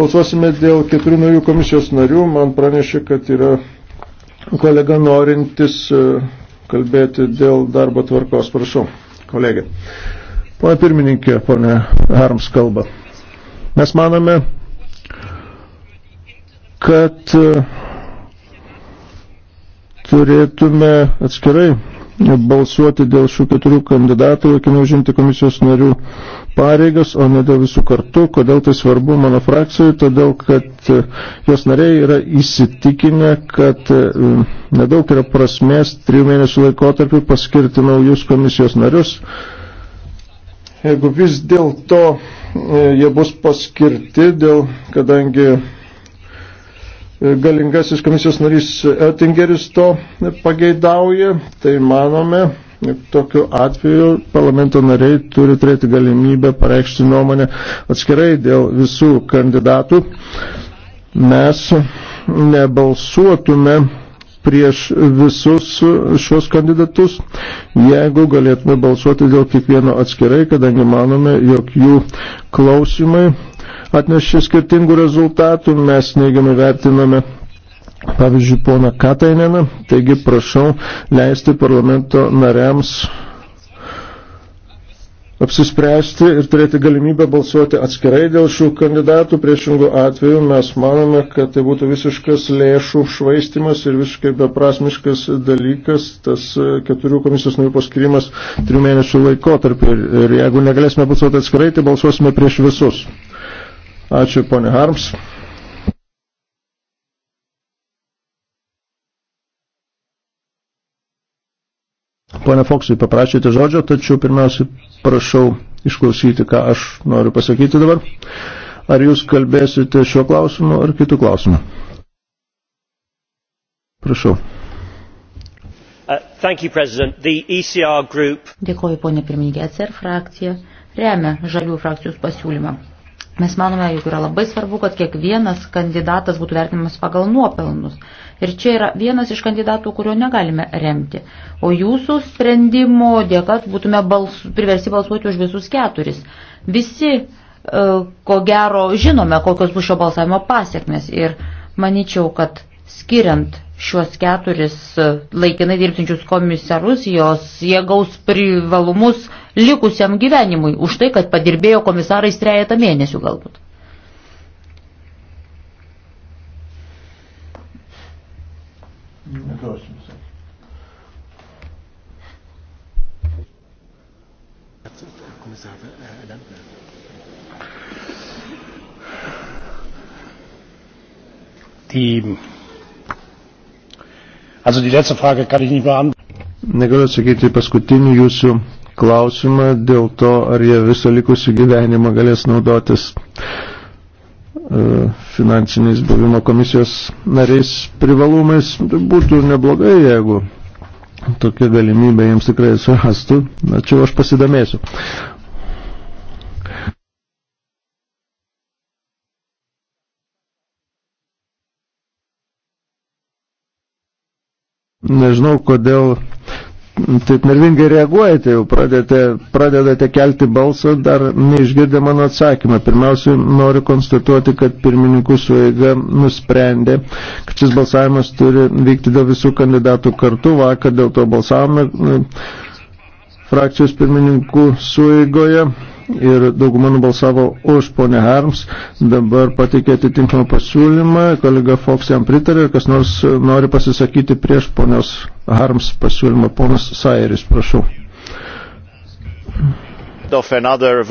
Balsuosime dėl keturių naujų komisijos narių. Man pranešė, kad yra kolega norintis e, kalbėti dėl darbo tvarkos. Prašau, kolegė. Pone pirmininkė, pone Harms kalba. Mes manome, kad e, turėtume atskirai balsuoti dėl šių keturių kandidatų, laikinai užimti komisijos narių pareigas, o ne dėl visų kartų. Kodėl tai svarbu mano frakcijoje? Todėl, kad e, jos nariai yra įsitikinę, kad e, nedaug yra prasmės trijų mėnesių laikotarpį paskirti naujus komisijos narius. Jeigu vis dėlto e, jie bus paskirti, dėl, kadangi galingasis komisijos narys Ettingeris to pageidauja, tai manome, Tokiu atveju parlamento nariai turi turėti galimybę pareikšti nuomonę atskirai dėl visų kandidatų. Mes nebalsuotume prieš visus šios kandidatus, jeigu galėtume balsuoti dėl kiekvieno atskirai, kadangi manome, jog jų klausimai atnešė skirtingų rezultatų, mes neigiamai vertiname pavyzdžiui, pona Katainena. Taigi prašau leisti parlamento nariams apsispręsti ir turėti galimybę balsuoti atskirai dėl šių kandidatų. Priešingų atveju mes manome, kad tai būtų visiškas lėšų švaistimas ir visiškai beprasmiškas dalykas, tas keturių komisijos narių paskirimas trijų mėnesių laikotarpiu. Ir jeigu negalėsime balsuoti atskirai, tai balsuosime prieš visus. Ačiū, ponė Harms. Pone Foksai, paprašėte žodžio, tačiau pirmiausia prašau išklausyti, ką aš noriu pasakyti dabar. Ar jūs kalbėsite šiuo klausimu ar kitų klausimų? Prašau. Uh, you, The e group... Dėkoju, ponė pirmininkė, ECR frakcija remia žalių frakcijos pasiūlymą. Mes manome, jog yra labai svarbu, kad kiekvienas kandidatas būtų vertinamas pagal nuopelnus. Ir čia yra vienas iš kandidatų, kurio negalime remti. O jūsų sprendimo dėka būtume balsu, priversi balsuoti už visus keturis. Visi, e, ko gero, žinome, kokios bus šio balsavimo pasiekmes. Ir manyčiau, kad skiriant šiuos keturis e, laikinai dirbtinčius komisarus, jos jie gaus privalumus likusiam gyvenimui už tai, kad padirbėjo komisarai trejetą mėnesių galbūt. Neduosim. Die, also die letzte Frage kann ich nicht beantworten. Negaliu atsakyti paskutinį jūsų klausimą dėl to, ar jie visą likusį gyvenimą galės naudotis e, finansiniais buvimo komisijos nariais privalumais. Tai būtų neblogai, jeigu tokia galimybė jiems tikrai surastų. Ačiū, aš pasidomėsiu. Nežinau, kodėl taip nervingai reaguojate, jau pradėte, pradedate kelti balsą, dar neišgirdę mano atsakymą. Pirmiausia, noriu konstatuoti, kad pirmininkų sueiga nusprendė, kad šis balsavimas turi vykti dėl visų kandidatų kartu. Vakar dėl to balsavome e, frakcijos pirmininkų sueigoje ir dauguma nubalsavo už ponę Harms. Dabar pateikė atitinkamą pasiūlymą, kolega Fox jam pritarė ir kas nors nori pasisakyti prieš ponios Harms pasiūlymą. Ponas Sairis, prašau.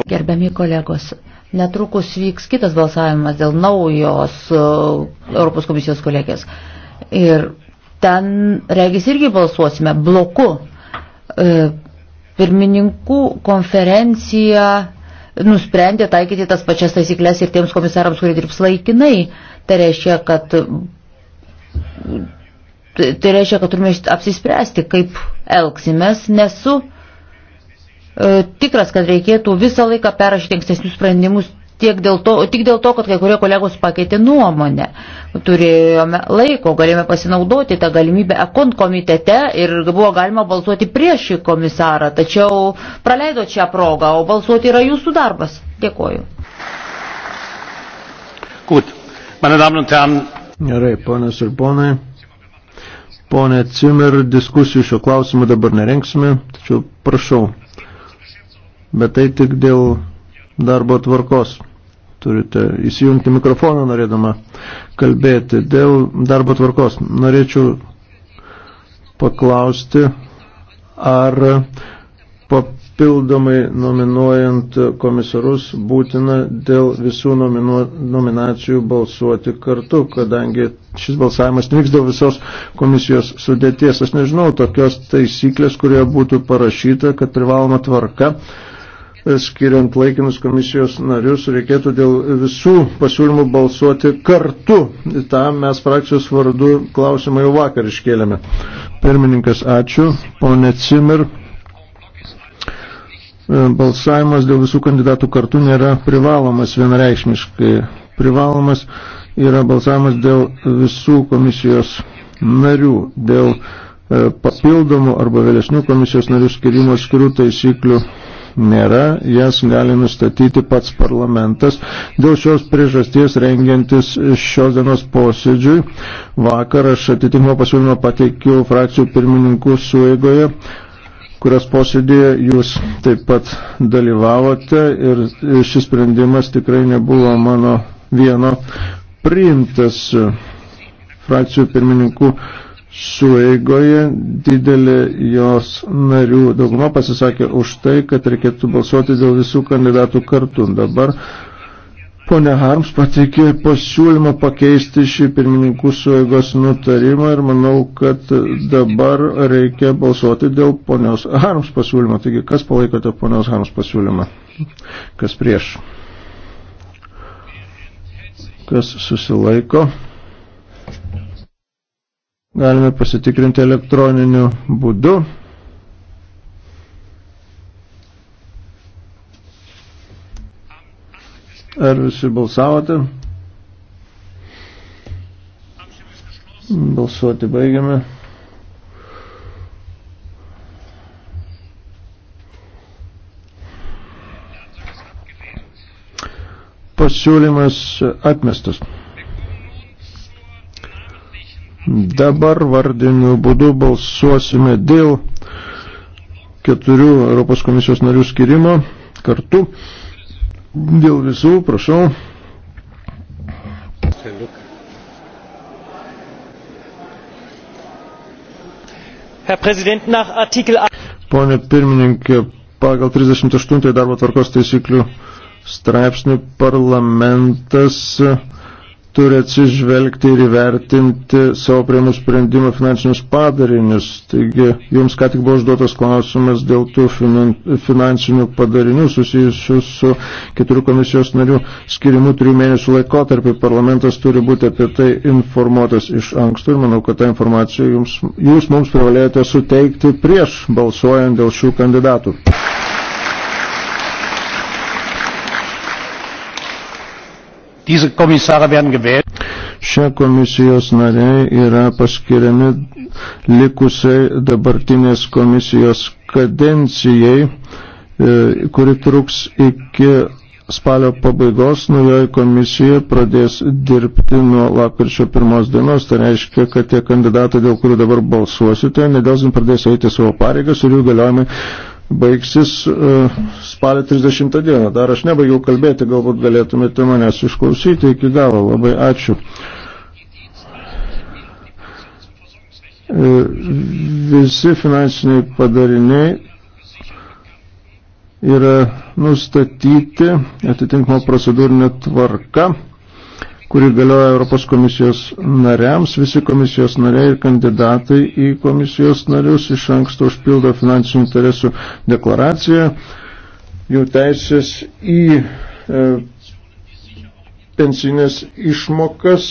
Gerbiami kolegos, netrukus vyks kitas balsavimas dėl naujos uh, Europos komisijos kolegės. Ir ten, regis, irgi balsuosime bloku. E, Pirmininkų konferencija nusprendė taikyti tas pačias taisyklės ir tiems komisarams, kurie dirbs laikinai. Tai reiškia, kad, tai reiškia, kad turime apsispręsti, kaip elgsimės. Nesu e, tikras, kad reikėtų visą laiką perrašyti ankstesnius sprendimus tiek dėl to, tik dėl to, kad kai kurie kolegos pakeitė nuomonę. Turėjome laiko, galėjome pasinaudoti tą galimybę ekon komitete ir buvo galima balsuoti prieš šį komisarą, tačiau praleido čia progą, o balsuoti yra jūsų darbas. Dėkoju. Gut. Meine Damen und Herren. Gerai, ponas ir ponai. Pone Cimer, diskusijų šio klausimu dabar nerenksime, tačiau prašau. Bet tai tik dėl darbo tvarkos turite įsijungti mikrofoną norėdama kalbėti. Dėl darbo tvarkos norėčiau paklausti, ar papildomai nominuojant komisarus būtina dėl visų nominu, nominacijų balsuoti kartu, kadangi šis balsavimas nevyks dėl visos komisijos sudėties. Aš nežinau tokios taisyklės, kurioje būtų parašyta, kad privaloma tvarka skiriant laikinus komisijos narius, reikėtų dėl visų pasiūlymų balsuoti kartu. Tam mes frakcijos vardu klausimą jau vakar iškėlėme. Pirmininkas, ačiū. Pone Cimer, balsavimas dėl visų kandidatų kartu nėra privalomas vienareikšmiškai. Privalomas yra balsavimas dėl visų komisijos narių, dėl e, papildomų arba vėlesnių komisijos narių skirimo skirių taisyklių nėra, jas gali nustatyti pats parlamentas. Dėl šios priežasties rengiantis šios dienos posėdžiui, vakar aš atitinkamą pasiūlymą pateikiau frakcijų pirmininkų suėgoje kurios posėdėje jūs taip pat dalyvavote ir šis sprendimas tikrai nebuvo mano vieno priimtas frakcijų pirmininkų sueigoje didelė jos narių dauguma pasisakė už tai, kad reikėtų balsuoti dėl visų kandidatų kartu. Dabar ponia Harms pateikė pasiūlymą pakeisti šį pirmininkų sueigos nutarimą ir manau, kad dabar reikia balsuoti dėl ponios Harms pasiūlymo. Taigi, kas palaikote ponios Harms pasiūlymą? Kas prieš? Kas susilaiko? Galime pasitikrinti elektroniniu būdu. Ar visi balsavote? Balsuoti baigiame. Pasiūlymas atmestas. Dabar vardiniu būdu balsuosime dėl keturių Europos komisijos narių skirimo kartu. Dėl visų, prašau. Pone pirmininkė, pagal 38 darbo tvarkos taisyklių straipsnių parlamentas turi atsižvelgti ir įvertinti savo priemų sprendimų finansinius padarinius. Taigi, jums ką tik buvo užduotas klausimas dėl tų finansinių padarinių susijusių su keturių komisijos narių skirimu trijų mėnesių laikotarpį. Parlamentas turi būti apie tai informuotas iš anksto ir manau, kad tą informaciją jums, jūs mums privalėjote suteikti prieš balsuojant dėl šių kandidatų. Diese Kommissare werden gewählt. Šie komisijos nariai yra paskiriami likusiai dabartinės komisijos kadencijai, e, kuri truks iki spalio pabaigos naujoji komisija pradės dirbti nuo lapkričio pirmos dienos. Tai reiškia, kad tie kandidatai, dėl kurių dabar balsuosite, nedėlsim pradės eiti savo pareigas ir jų galiojimai baigsis e, spalio 30 dieną. Dar aš nebaigiau kalbėti, galbūt galėtumėte manęs išklausyti iki galo. Labai ačiū. E, visi finansiniai padariniai yra nustatyti atitinkamo procedūrinė tvarka kuri galioja Europos komisijos nariams. Visi komisijos nariai ir kandidatai į komisijos narius iš anksto užpildo finansinių interesų deklaraciją. Jų teisės į e, pensinės išmokas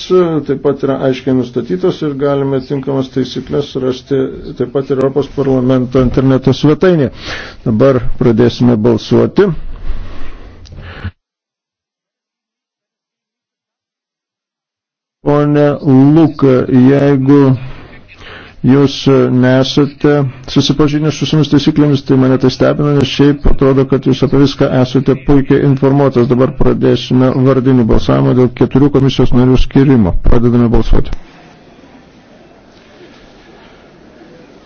taip pat yra aiškiai nustatytos ir galime tinkamas taisyklės surasti taip pat ir Europos parlamento interneto svetainė. Dabar pradėsime balsuoti. Pone Luka, jeigu jūs nesate susipažinę su šiomis taisyklėmis, tai mane tai stebina, nes šiaip atrodo, kad jūs apie viską esate puikiai informuotas. Dabar pradėsime vardinį balsavimą dėl keturių komisijos narių skirimo. Pradedame balsuoti.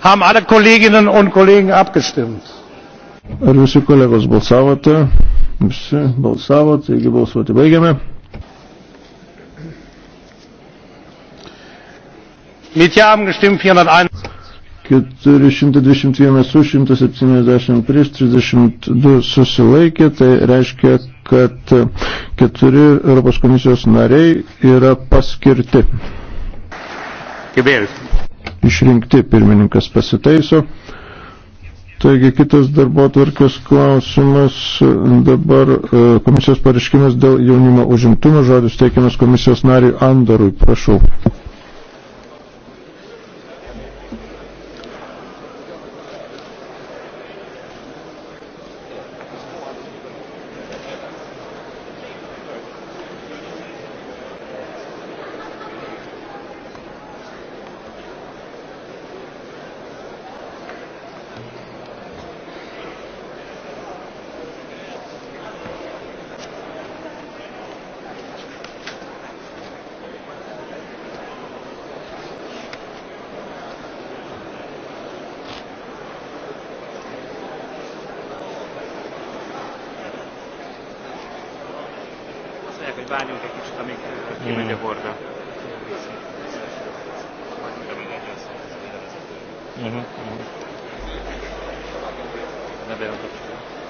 Haben alle Kolleginnen und Kollegen abgestimmt? Ar visi kolegos balsavote? Visi balsavo, taigi balsuoti baigiame. Mit Ja haben gestimmt 401. 421 už, 170 prieš, 32 susilaikė, tai reiškia, kad keturi Europos komisijos nariai yra paskirti. Gebėlis. Išrinkti pirmininkas pasitaiso. Taigi kitas darbo tvarkės klausimas dabar e, komisijos pareiškimas dėl jaunimo užimtumo žodis teikiamas komisijos nariui Andorui. Prašau. detalhe onde é que isto também relativamente hum. aborda. Uhum, uhum. Na beira do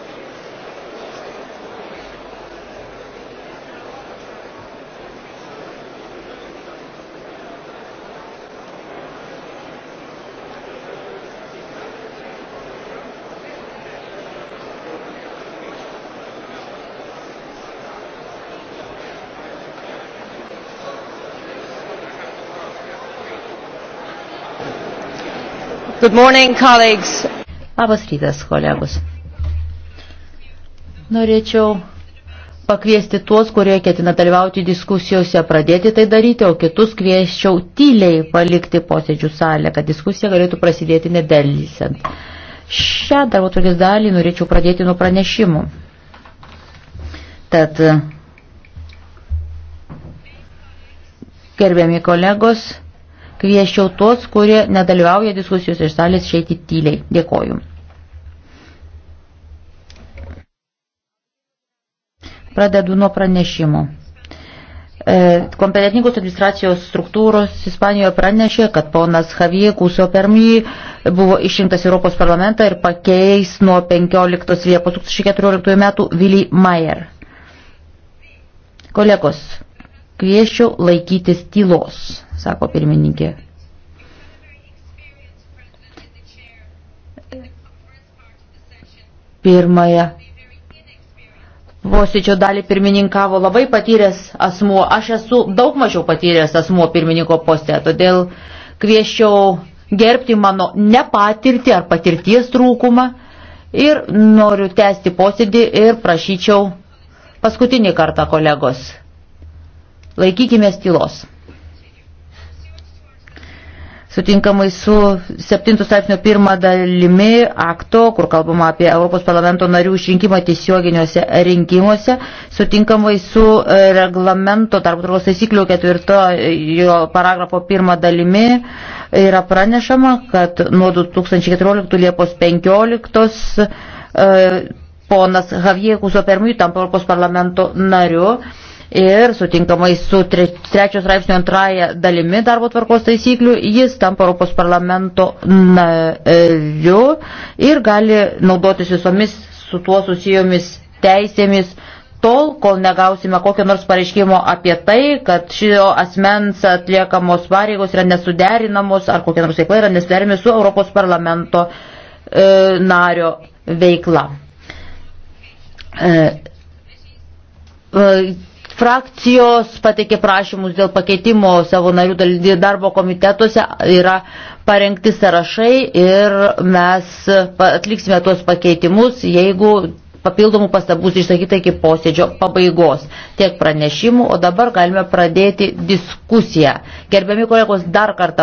Good morning, colleagues. Labas rytas, kolegos. Norėčiau pakviesti tuos, kurie ketina dalyvauti diskusijose, pradėti tai daryti, o kitus kvieščiau tyliai palikti posėdžių salę, kad diskusija galėtų prasidėti nedelysant. Šią darbo tokias dalį norėčiau pradėti nuo pranešimų. Tad, gerbiami kolegos, Kvieščiau tuos, kurie nedalyvauja diskusijos iš salės išeiti tyliai. Dėkoju. Pradedu nuo pranešimų. E, kompetentingos administracijos struktūros Ispanijoje pranešė, kad ponas Javie Kuso Permy buvo išrinktas Europos parlamentą ir pakeis nuo 15 Liepos 2014 metų Vili Mayer. Kolegos, kvieščiau laikytis tylos sako pirmininkė. Pirmąją posėdžio dalį pirmininkavo labai patyręs asmuo. Aš esu daug mažiau patyręs asmuo pirmininko poste, todėl kvieščiau gerbti mano nepatirtį ar patirties trūkumą ir noriu tęsti posėdį ir prašyčiau paskutinį kartą kolegos. Laikykime tylos sutinkamai su 7 straipsnio pirmą dalimi akto, kur kalbama apie Europos parlamento narių išrinkimą tiesioginiuose rinkimuose, sutinkamai su e, reglamento tarp draugos taisyklių ketvirto jo paragrafo pirmą dalimi e, yra pranešama, kad nuo 2014 Liepos 15 e, ponas Havie Kuso Permui tampa Europos parlamento nariu ir sutinkamai su trečios raipsnio antraja dalimi darbo tvarkos taisyklių jis tampa Europos parlamento nariu ir gali naudotis visomis su tuo susijomis teisėmis tol, kol negausime kokio nors pareiškimo apie tai, kad šio asmens atliekamos pareigos yra nesuderinamos ar kokie nors veiklai yra nesuderinami su Europos parlamento e, nario veikla. E, e, Frakcijos pateikė prašymus dėl pakeitimo savo narių darbo komitetuose, yra parengti sąrašai ir mes atliksime tuos pakeitimus, jeigu papildomų pastabų išsakyta iki posėdžio pabaigos. Tiek pranešimų, o dabar galime pradėti diskusiją. Gerbiami kolegos, dar kartą.